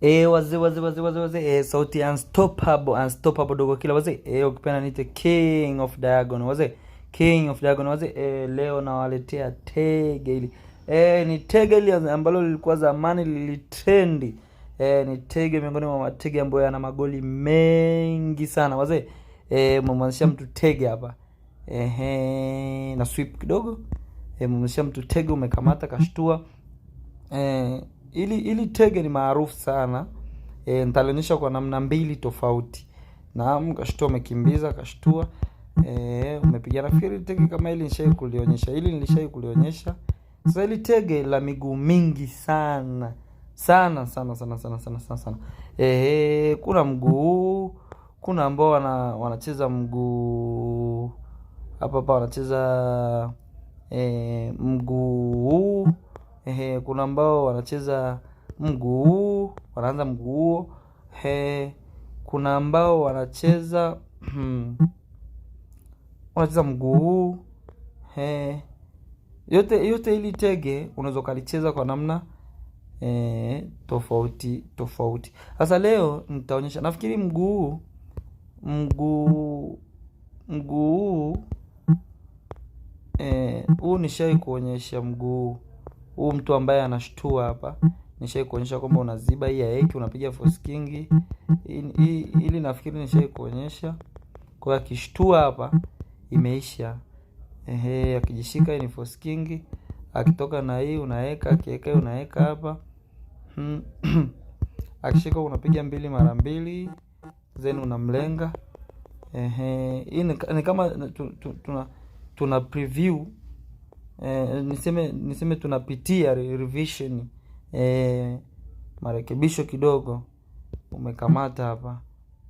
E, eh, waze waze waze waze waze e, eh, sauti unstoppable unstoppable dogo kila waze e, eh, ukipenda niite king of diagon waze king of diagon waze e, leo nawaletea tege hili e, ni tege hili ambalo lilikuwa zamani lilitrendi e, ni tege miongoni mwa matege ambayo yana magoli mengi sana waze e, mmemwanzisha mtu tege hapa ehe, na sweep kidogo e, mmemwanzisha mtu tege, umekamata kashtua e, ili ili tege ni maarufu sana e, nitalionyesha kwa namna mbili tofauti. Naam, kashtua umekimbiza, kashtua e, umepigana fikiri tege kama hili nishai kulionyesha, hili nilishai kulionyesha. Sasa hili tege la miguu mingi sana sana sana sana sana sana sana sana. E, kuna mguu, kuna ambao wana, wanacheza mguu hapa hapa wanacheza e, mguu ehe, kuna ambao wanacheza mguu huu wanaanza mguu huo, kuna ambao wanacheza hmm, wanacheza mguu huu yote yote, ili tege unaweza ukalicheza kwa namna e, tofauti tofauti. Sasa leo nitaonyesha, nafikiri mguu mguu mguu huu e, huu nishai kuonyesha mguu huu mtu ambaye anashtua hapa mm. nishai kuonyesha kwamba unaziba hii ya eki unapiga force king hii, ili nafikiri nishai kuonyesha kwa akishtua hapa imeisha. Ehe, akijishika ni force king, akitoka na hii unaweka, akiweka unaweka hapa hmm. akishika unapiga mbili mara mbili then unamlenga. Ehe, hii ni kama tuna, tuna, tuna preview Eh, niseme niseme tunapitia revision e, marekebisho kidogo umekamata hapa,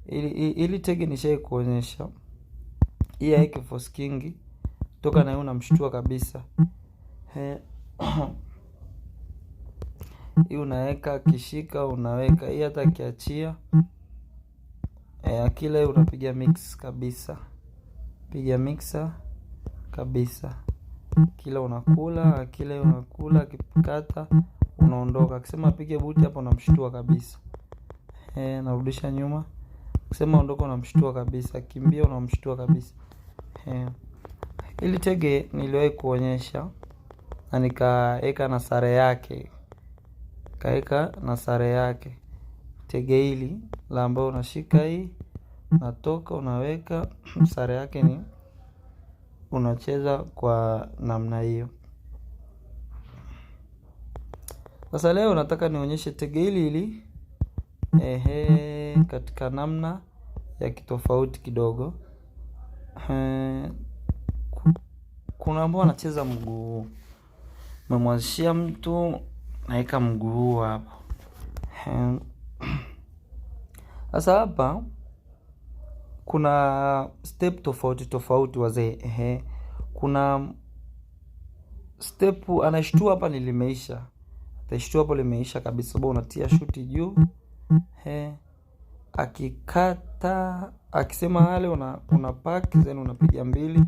ili, ili tege nishai kuonyesha hii aike force king toka naye unamshtua kabisa eh, hii unaweka kishika, unaweka hii hata kiachia e, akila unapiga mix kabisa, piga mixer kabisa kila unakula, kile unakula, akikata unaondoka. Akisema apige buti, hapo unamshtua kabisa. Eh, narudisha nyuma. Akisema ondoka, unamshtua kabisa. Kimbia, unamshtua kabisa. Eh, ili tege niliwahi kuonyesha na nikaweka na sare yake, kaweka na sare yake tege hili la ambayo unashika hii, natoka unaweka, sare yake ni unacheza kwa namna hiyo. Sasa leo nataka nionyeshe tege hili hili ehe, katika namna ya kitofauti kidogo. Ehe, kuna ambao anacheza mguu, memwazishia mtu naweka mguu hapo Sasa hapa kuna step tofauti tofauti wazee, ehe, kuna step anashtua hapa, nilimeisha atashtua hapo, limeisha kabisa. sababu unatia shuti juu, ehe, akikata akisema ale, una una pack then unapiga mbili,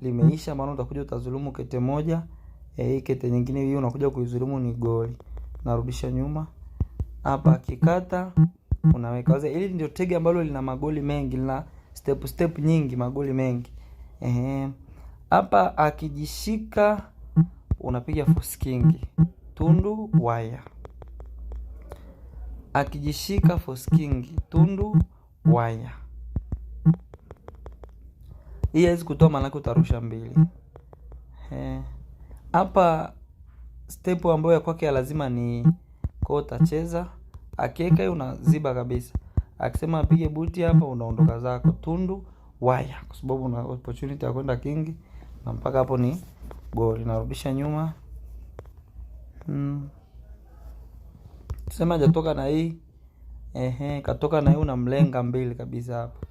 limeisha. Maana utakuja utazulumu kete moja, eh, kete nyingine hiyo unakuja kuizulumu ni goli. Narudisha nyuma hapa, akikata unaweka wazee. Hili ndio tege ambalo lina magoli mengi lina step step nyingi, magoli mengi. Ehe, hapa akijishika, unapiga force king tundu waya, akijishika force king tundu waya. Hii awezi kutoa, maanake utarusha mbili. Hapa step ambayo ya kwake lazima ni kwa, utacheza akieka, unaziba kabisa akisema apige buti hapa, unaondoka zako Tundu waya, kwa sababu una opportunity ya kwenda kingi, na mpaka hapo ni goli. Narudisha nyuma hmm. Sema hajatoka na hii ehe, katoka na hii, unamlenga mbili kabisa hapa,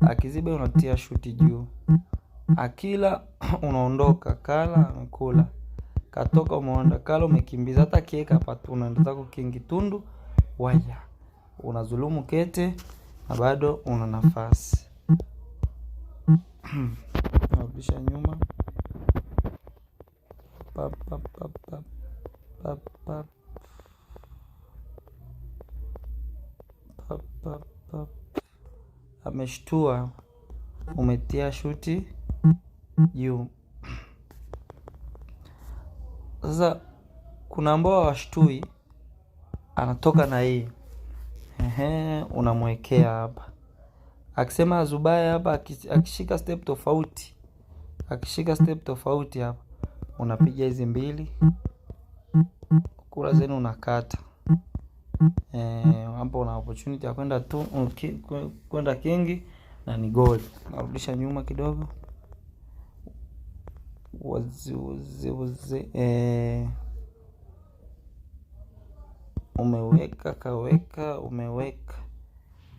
akiziba unatia shuti juu, akila unaondoka, kala amekula katoka umeonda kala umekimbiza, hata kieka hapa tu unaenda zako kingi Tundu waya unazulumu kete na bado una nafasi. Narudisha nyuma Ameshtua, umetia shuti juu. Sasa kuna ambao hawashtui, anatoka na hii Ehe, unamwekea hapa. Akisema Zubaya hapa akishika step tofauti. Akishika step tofauti hapa. Unapiga hizi mbili. Kura zenu unakata. Eh, hapo una opportunity ya kwenda tu kwenda kingi na ni goli. Narudisha nyuma kidogo. Wazi wazi wazi eh umeweka kaweka umeweka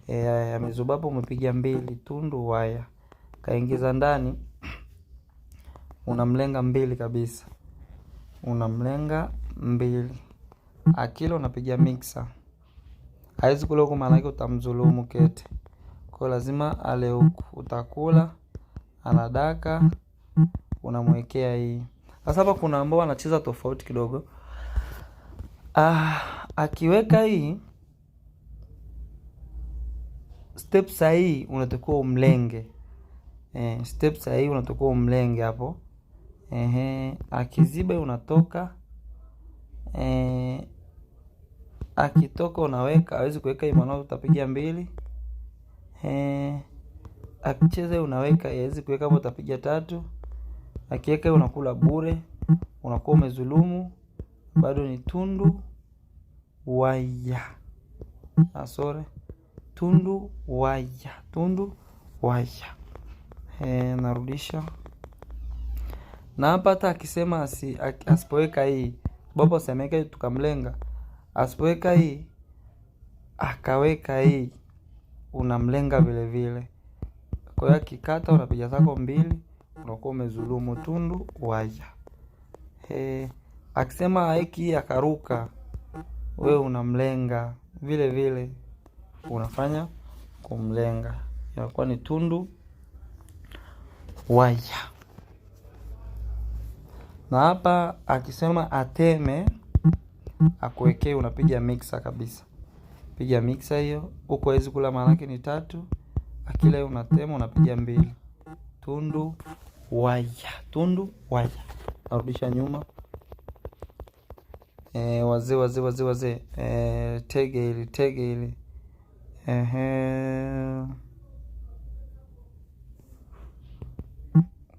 e, ya mizubaba umepiga mbili, tundu waya kaingiza ndani, unamlenga mbili kabisa, unamlenga mbili. Akila unapiga mixa haizi kule huku, maanake utamdhulumu kete, kwa lazima ale huku. Utakula anadaka, unamwekea hii. Sasa hapa kuna ambao wanacheza tofauti kidogo ah akiweka hii step sahihi, unatakiwa umlenge eh, step sahihi unatakiwa umlenge hapo eh, akiziba unatoka eh, akitoka unaweka, hawezi kuweka hii maana utapiga mbili eh, akicheza unaweka, hawezi kuweka hapo, utapiga tatu akiweka unakula bure, unakuwa umezulumu, bado ni tundu waya asore ah, tundu waya tundu waya e, narudisha na hapa hata akisema asi, asipoweka hii baba semeke tukamlenga asipoweka hii akaweka hii unamlenga vile vile kwa hiyo akikata unapiga zako mbili unakuwa umezulumu tundu waya e, akisema aiki akaruka wewe unamlenga, vile vile unafanya kumlenga, inakuwa ni tundu waya. Na hapa akisema ateme akuwekee, unapiga mixer kabisa, piga mixer hiyo huko, hawezi kula, maanake ni tatu. Akila hiyo unatema, unapiga mbili, tundu waya, tundu waya, narudisha nyuma eh, wazee wazee wazee wazee eh, tege hili tege hili ehe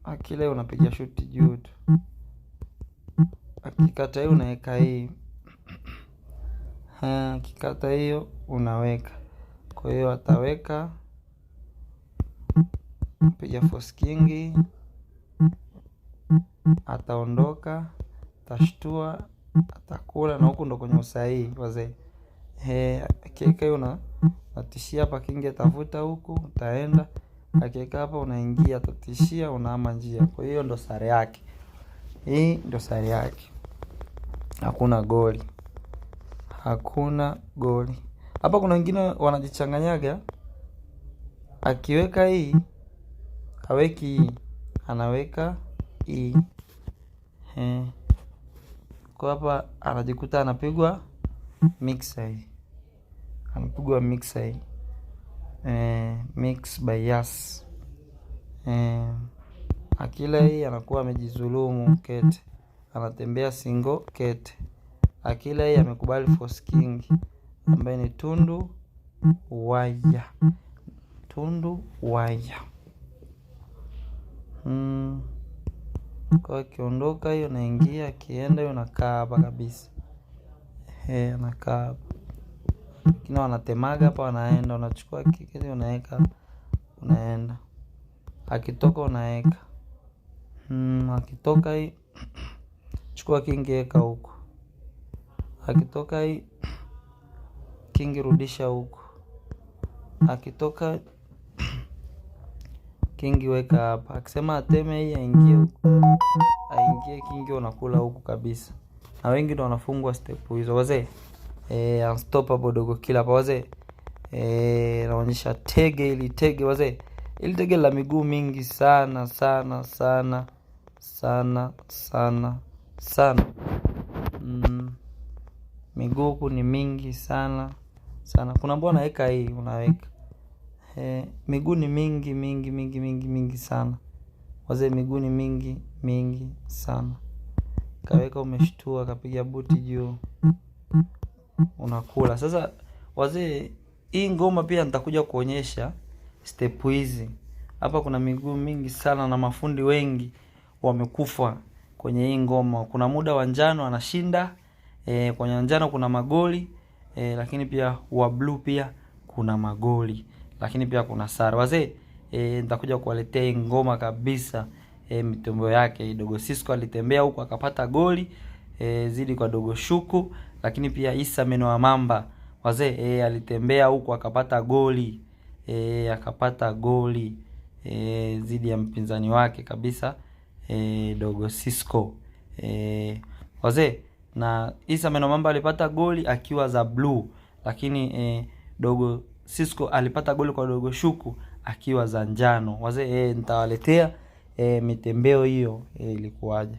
akile unapiga shuti juu tu akikata hiyo unaweka hii akikata hiyo unaweka kwa hiyo ataweka piga force kingi ataondoka tashtua atakula na huku ndo kwenye usahihi wazee. Akiweka hiyo na natishia hapa kingi atavuta huku, utaenda akiweka hapa unaingia, atatishia unaama njia. Kwa hiyo ndo sare yake, hii ndo sare yake. Hakuna goli, hakuna goli. Hapa kuna wengine wanajichanganyaga, akiweka hii haweki hii, anaweka hii. Kwa hapa anajikuta anapigwa mixer hii, anapigwa mixer hii e, mix bias e, eh, akila hii anakuwa amejizulumu kete, anatembea single kete. Akila hii amekubali force king ambaye ni tundu waya, tundu waya mm. Kwa hiyo akiondoka hiyo naingia, akienda hiyo nakaa hapa kabisa. Ehe, anakaa hapa. Lakini wanatemaga hapa, wanaenda unachukua kile unaweka, unaenda. Akitoka unaweka. Mm, akitoka hii chukua kingi weka huko. Akitoka hii kingi rudisha huko. Akitoka Kingi weka hapa, akisema ateme hii aingie huko, aingie kingi, unakula huku kabisa. Na wengi ndo wanafungwa step hizo wazee. Eh, unstoppable dogo kila hapa wazee. Eh, naonyesha tege ili tege wazee, ili tege la miguu mingi sana sana sana sana sana sana mm. Miguu huku ni mingi sana sana. Kuna mbona naweka hii, unaweka eh, miguu ni mingi mingi mingi mingi mingi sana. Wazee miguu ni mingi mingi sana. Kaweka umeshtua, kapiga buti juu, unakula sasa. Wazee, hii ngoma pia nitakuja kuonyesha step hizi hapa. Kuna miguu mingi sana na mafundi wengi wamekufa kwenye hii ngoma. Kuna muda wa njano anashinda e, kwenye njano kuna magoli e, lakini pia wa bluu pia kuna magoli lakini pia kuna Sara. Wazee e, nitakuja kuwaletea ngoma kabisa e, eh, mitombo yake. Dogo Sisko alitembea huko akapata goli e, zidi kwa Dogo Shuku, lakini pia Isa Meno wa Mamba wazee e, alitembea huko akapata goli e, akapata goli e, zidi ya mpinzani wake kabisa e, Dogo Sisko e, wazee na Isa Meno Mamba alipata goli akiwa za blue lakini e, Dogo Sisco alipata goli kwa Dogo Shuku akiwa za njano. Wazee, eh, nitawaletea e, mitembeo hiyo e, ilikuwaje?